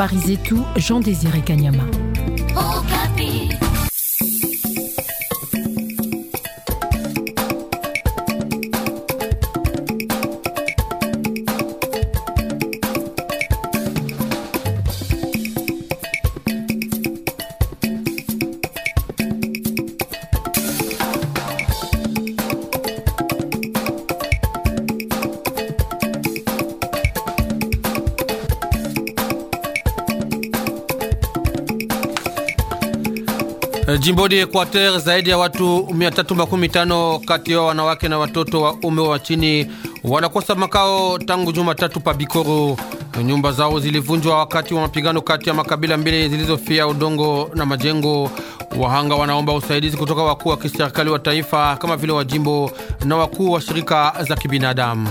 à tout, Jean-Désiré Kanyama. Eh, jimboni Equateur zaidi ya watu 315 kati yao wanawake na watoto wa umri wa chini wanakosa makao tangu Jumatatu pa Bikoro. Nyumba zao zilivunjwa wakati wa mapigano kati ya makabila mbili zilizofia udongo na majengo. Wahanga wanaomba usaidizi kutoka wakuu wa kiserikali wa taifa kama vile wa jimbo na wakuu wa shirika za kibinadamu.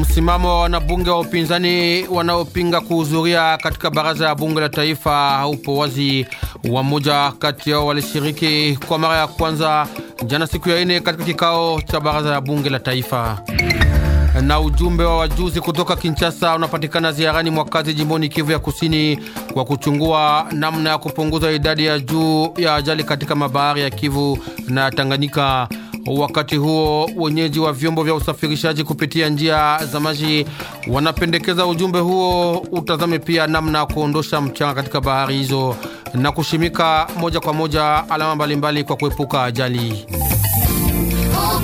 Msimamo wa wanabunge wa upinzani wanaopinga kuhudhuria katika baraza ya bunge la taifa haupo wazi. Wamoja kati yao walishiriki kwa mara ya kwanza jana siku ya ine katika kikao cha baraza ya bunge la taifa. Na ujumbe wa wajuzi kutoka Kinshasa unapatikana ziarani mwa kazi jimboni Kivu ya Kusini kwa kuchungua namna ya kupunguza idadi ya juu ya ajali katika mabahari ya Kivu na Tanganyika. Wakati huo wenyeji wa vyombo vya usafirishaji kupitia njia za maji wanapendekeza ujumbe huo utazame pia namna ya kuondosha mchanga katika bahari hizo na kushimika moja kwa moja alama mbalimbali kwa kuepuka ajali. Oh,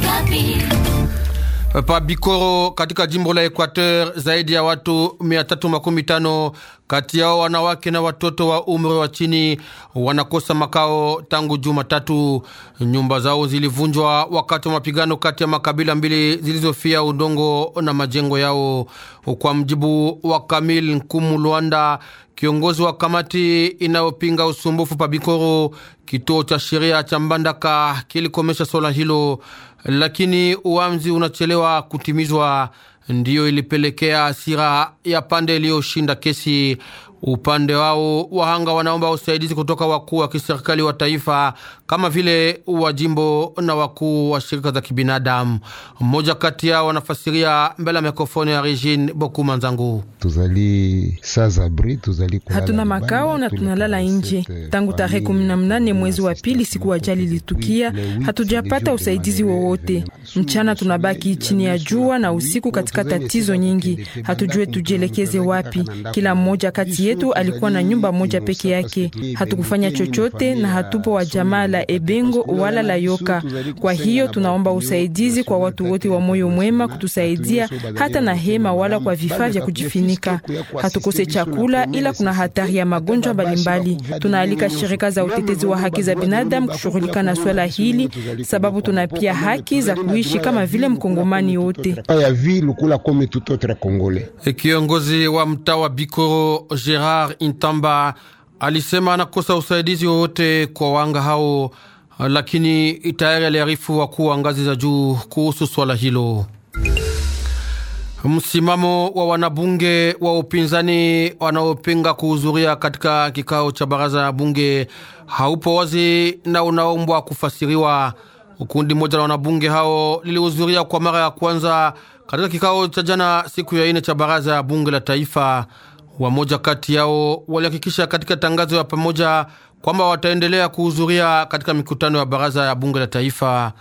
Eh, pa Bikoro katika jimbo la Equateur, zaidi ya watu 315 kati yao wanawake na watoto wa umri wa chini wanakosa makao tangu Jumatatu. Nyumba zao zilivunjwa wakati wa mapigano kati ya makabila mbili zilizofia udongo na majengo yao, kwa mjibu wa Kamil Nkumu Lwanda, kiongozi wa kamati inayopinga usumbufu pa Bikoro. Kituo cha sheria cha Mbandaka kilikomesha swala hilo lakini uamzi unachelewa kutimizwa, ndiyo ilipelekea hasira ya pande iliyoshinda kesi Upande wao wahanga wanaomba usaidizi kutoka wakuu wa kiserikali wa taifa kama vile wa jimbo na wakuu wa shirika za kibinadamu. Mmoja kati yao wanafasiria mbele ya mikrofoni ya Regine Bokuma Nzangu. Hatuna makao na tunalala nje eh, tangu tarehe kumi na mnane mwezi wa pili, siku ajali ilitukia, hatujapata usaidizi eh, wowote. Eh, Mchana tunabaki chini ya jua na usiku katika tatizo nyingi, hatujue tujielekeze wapi. Kila mmoja kati yetu alikuwa na nyumba moja peke yake. Hatukufanya chochote na hatupo wa jamaa la Ebengo wala la Yoka. Kwa hiyo tunaomba usaidizi kwa watu wote wa moyo mwema kutusaidia hata na hema wala kwa vifaa vya kujifunika. Hatukose chakula, ila kuna hatari ya magonjwa mbalimbali. Tunaalika shirika za utetezi wa haki za binadamu kushughulika na swala hili, sababu tuna pia haki za kuishi kama vile mkongomani yote. E, kiongozi wa mtaa wa Bikoro Gerard Intamba alisema anakosa usaidizi wowote kwa wanga hao, lakini tayari aliarifu wakuu wa ngazi za juu kuhusu swala hilo. Msimamo wa wanabunge wa upinzani wanaopinga kuhudhuria katika kikao cha baraza la bunge haupo wazi na unaombwa kufasiriwa. Kundi moja la wanabunge hao lilihudhuria kwa mara ya kwanza katika kikao cha jana siku ya ine cha baraza ya bunge la taifa. Wamoja kati yao walihakikisha katika tangazo ya pamoja kwamba wataendelea kuhudhuria katika mikutano ya baraza ya bunge la taifa.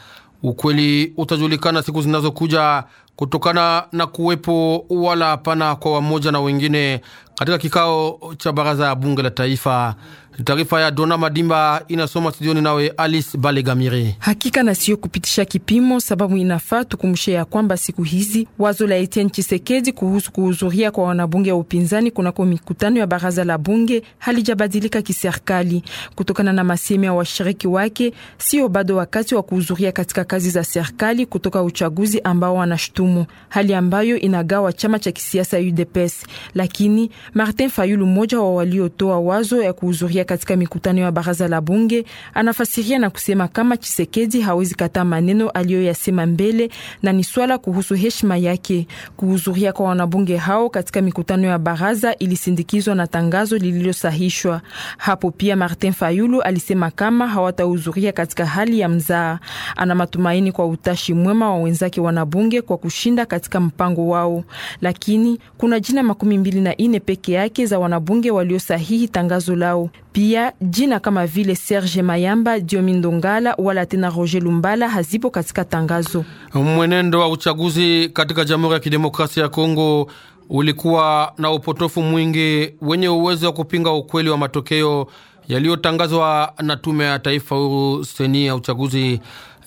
Ukweli utajulikana siku zinazokuja kutokana na kuwepo wala hapana kwa wamoja na wengine katika kikao cha baraza ya bunge la taifa. Taarifa ya Dona Madimba inasoma studioni nawe Alice Balegamire. Hakika na siyo kupitisha kipimo, sababu inafaa tukumshe ya kwamba siku hizi wazo la Etienne Chisekedi kuhusu kuhudhuria kwa wanabunge wa upinzani kunako mikutano ya baraza la bunge halijabadilika kiserikali, kutokana na masemi ya washiriki wake. Sio bado wakati wa kuhudhuria katika kazi za serikali kutoka uchaguzi ambao wanashutumu, hali ambayo inagawa chama cha kisiasa UDPS. Lakini Martin Fayulu, mmoja wa waliotoa wazo ya kuhudhuria katika mikutano ya baraza la bunge anafasiria na kusema kama Chisekedi hawezi kataa maneno aliyoyasema mbele na ni swala kuhusu heshima yake. Kuhudhuria kwa wanabunge hao katika mikutano ya baraza ilisindikizwa na tangazo lililosahishwa hapo. Pia Martin Fayulu alisema kama hawatahudhuria katika hali ya mzaa. Ana matumaini kwa utashi mwema wa wenzake wanabunge kwa kushinda katika mpango wao, lakini kuna jina makumi mbili na ine peke yake za wanabunge waliosahihi tangazo lao. Pia jina kama vile Serge Mayamba, Diomindo wala tena Roger Lumbala hazipo katika tangazo. Mwenendo wa uchaguzi katika Jamhuri ya Kidemokrasia ya Kongo ulikuwa na upotofu mwingi wenye uwezo wa kupinga ukweli wa matokeo yaliyotangazwa na Tume ya Taifa Huru Seni ya uchaguzi,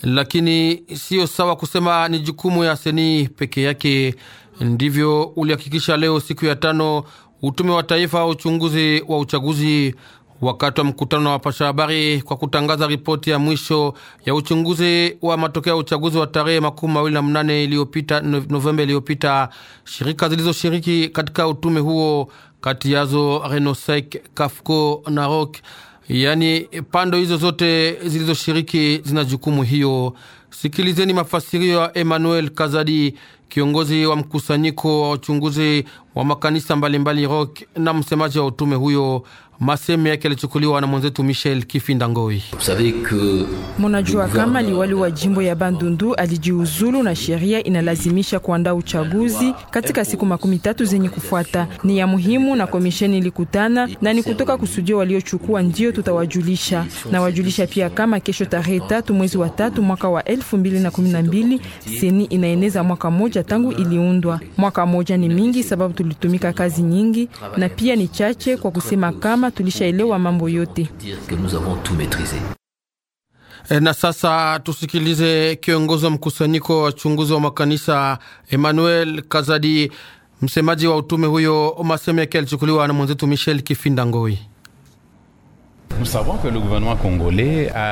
lakini siyo sawa kusema ni jukumu ya Seni peke yake. Ndivyo ulihakikisha leo siku ya tano utume wa taifa wa uchunguzi wa uchaguzi wakati wa mkutano na wapasha habari kwa kutangaza ripoti ya mwisho ya uchunguzi wa matokeo ya uchaguzi wa tarehe makumi mawili na mnane iliyopita Novemba iliyopita. Shirika zilizoshiriki katika utume huo kati yazo Renosec, Kafco na Rock, yani pando hizo zote zilizoshiriki zina jukumu hiyo. Sikilizeni mafasirio ya Emmanuel Kazadi, kiongozi wa mkusanyiko wa uchunguzi wa makanisa mbalimbali Rock na msemaji wa utume huyo Maseme yake alichukuliwa na mwenzetu Michel kifindangoi Munajua kama liwali wa jimbo ya Bandundu alijiuzulu na sheria inalazimisha kuandaa uchaguzi katika siku makumi tatu zenye kufuata. Ni ya muhimu na komisheni ilikutana na ni kutoka kusudia waliochukua ndio tutawajulisha. Nawajulisha pia kama kesho tarehe tatu mwezi wa tatu mwaka wa elfu mbili na kumi na mbili seni inaeneza mwaka moja tangu iliundwa. Mwaka moja ni mingi sababu tulitumika kazi nyingi na pia ni chache kwa kusema kama tulishaelewa mambo yote. E, na sasa tusikilize kiongozi wa mkusanyiko wa wachunguzi wa makanisa Emmanuel Kazadi, msemaji wa utume huyo. maseme yake alichukuliwa na mwenzetu Michel Kifinda Ngoi.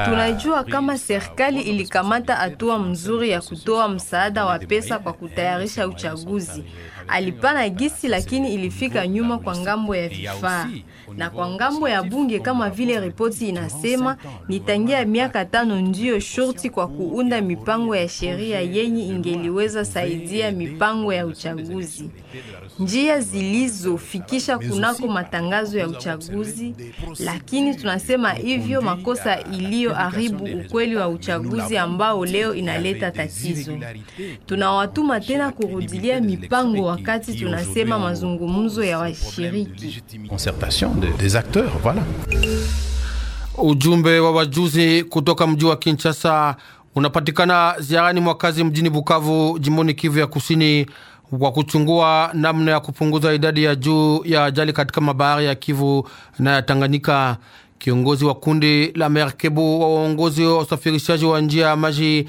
Tunajua kama serikali ilikamata hatua mzuri ya kutoa msaada wa pesa kwa kutayarisha uchaguzi alipana gisi lakini ilifika nyuma kwa ngambo ya vifaa na kwa ngambo ya bunge. Kama vile ripoti inasema, ni tangia miaka tano ndiyo shorti kwa kuunda mipango ya sheria yenye ingeliweza saidia mipango ya uchaguzi. Njia zilizofikisha kunako matangazo ya uchaguzi, lakini tunasema hivyo makosa iliyoharibu ukweli wa uchaguzi ambao leo inaleta tatizo. Tunawatuma tena kurudilia mipango wa wakati tunasema mazungumzo ya washiriki, concertation des acteurs voilà. Ujumbe wa wajuzi kutoka mji wa Kinshasa unapatikana ziarani mwakazi mjini Bukavu, jimboni Kivu ya Kusini, kwa kuchungua namna ya kupunguza idadi ya juu ya ajali katika mabahari ya Kivu na ya Tanganyika. Kiongozi wa kundi la merkebu wa uongozi wa usafirishaji wa njia ya maji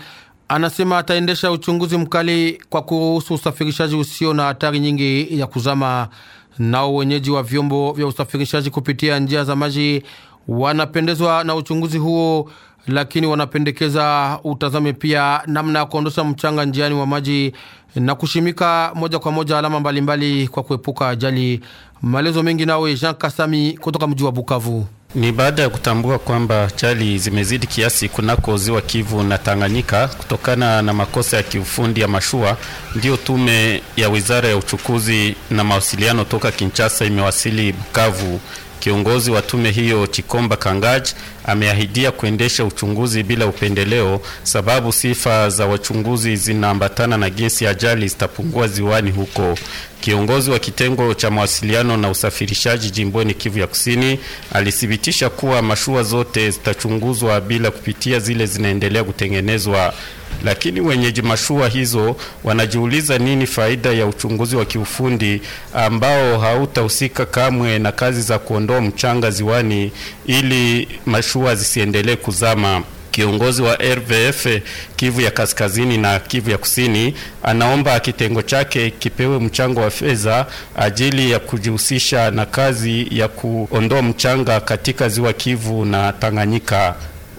anasema ataendesha uchunguzi mkali kwa kuruhusu usafirishaji usio na hatari nyingi ya kuzama. Nao wenyeji wa vyombo vya usafirishaji kupitia njia za maji wanapendezwa na uchunguzi huo, lakini wanapendekeza utazame pia namna ya kuondosha mchanga njiani wa maji na kushimika moja kwa moja alama mbalimbali mbali kwa kuepuka ajali. Maelezo mengi nawe Jean Kasami kutoka mji wa Bukavu. Ni baada ya kutambua kwamba chali zimezidi kiasi kunako ziwa Kivu na Tanganyika kutokana na makosa ya kiufundi ya mashua, ndiyo tume ya wizara ya uchukuzi na mawasiliano toka Kinshasa imewasili Bukavu. Kiongozi wa tume hiyo Chikomba Kangaj ameahidia kuendesha uchunguzi bila upendeleo, sababu sifa za wachunguzi zinaambatana na jinsi ajali zitapungua ziwani huko. Kiongozi wa kitengo cha mawasiliano na usafirishaji jimboni Kivu ya Kusini alithibitisha kuwa mashua zote zitachunguzwa bila kupitia zile zinaendelea kutengenezwa lakini wenyeji mashua hizo wanajiuliza nini faida ya uchunguzi wa kiufundi ambao hautahusika kamwe na kazi za kuondoa mchanga ziwani ili mashua zisiendelee kuzama. Kiongozi wa RVF Kivu ya Kaskazini na Kivu ya Kusini anaomba kitengo chake kipewe mchango wa fedha ajili ya kujihusisha na kazi ya kuondoa mchanga katika ziwa Kivu na Tanganyika.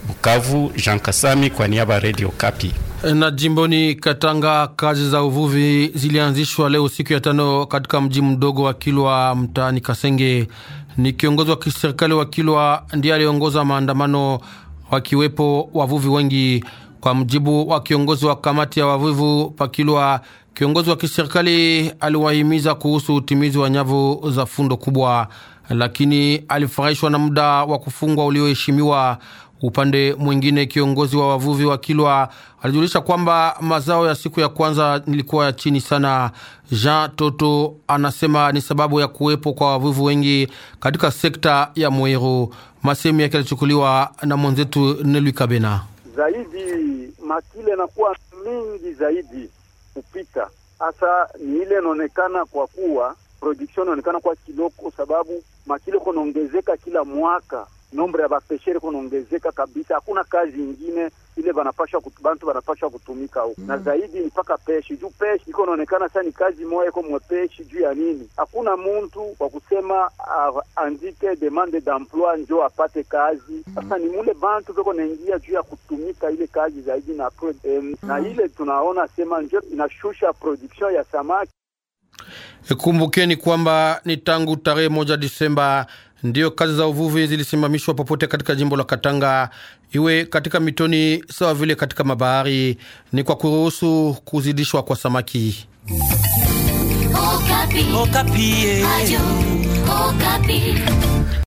Bukavu, Jean Kasami kwa niaba ya Radio Kapi. Na jimboni Katanga, kazi za uvuvi zilianzishwa leo siku ya tano katika mji mdogo wa Kilwa mtaani Kasenge. Ni kiongozi wa kiserikali wa Kilwa ndiye aliongoza maandamano, wakiwepo wavuvi wengi. Kwa mjibu wa kiongozi wa kamati ya wavuvi Pakilwa, kiongozi wa kiserikali aliwahimiza kuhusu utimizi wa nyavu za fundo kubwa, lakini alifurahishwa na muda wa kufungwa ulioheshimiwa. Upande mwingine, kiongozi wa wavuvi wa Kilwa alijulisha kwamba mazao ya siku ya kwanza ilikuwa ya chini sana. Jean Toto anasema ni sababu ya kuwepo kwa wavuvi wengi katika sekta ya Mwero. Masehemu yake yalichukuliwa na mwenzetu Nelwi Kabena. Zaidi makile nakuwa mingi zaidi kupita hasa, ni ile inaonekana kwa kuwa production inaonekana kwa sababu machile kunaongezeka kila mwaka, nombre ya bapeshere kunaongezeka kabisa, hakuna kazi ingine ile banapasha bantu banapasha kutumika huko mm. na zaidi mpaka peshi juu peshi iko naonekana sasa ni kazi moja iko mwepeshi juu ya nini, hakuna muntu wa kusema andike ah, demande d'emploi njo apate kazi mm. sasa mm. ni mule bantu veko naingia juu ya kutumika ile kazi zaidi na pro, um, mm. na ile tunaona sema njo inashusha production ya samaki. Kumbukeni kwamba ni tangu tarehe moja Disemba ndiyo kazi za uvuvi zilisimamishwa popote katika jimbo la Katanga, iwe katika mitoni sawa vile katika mabahari, ni kwa kuruhusu kuzidishwa kwa samaki. Okapi. Okapi. Eh.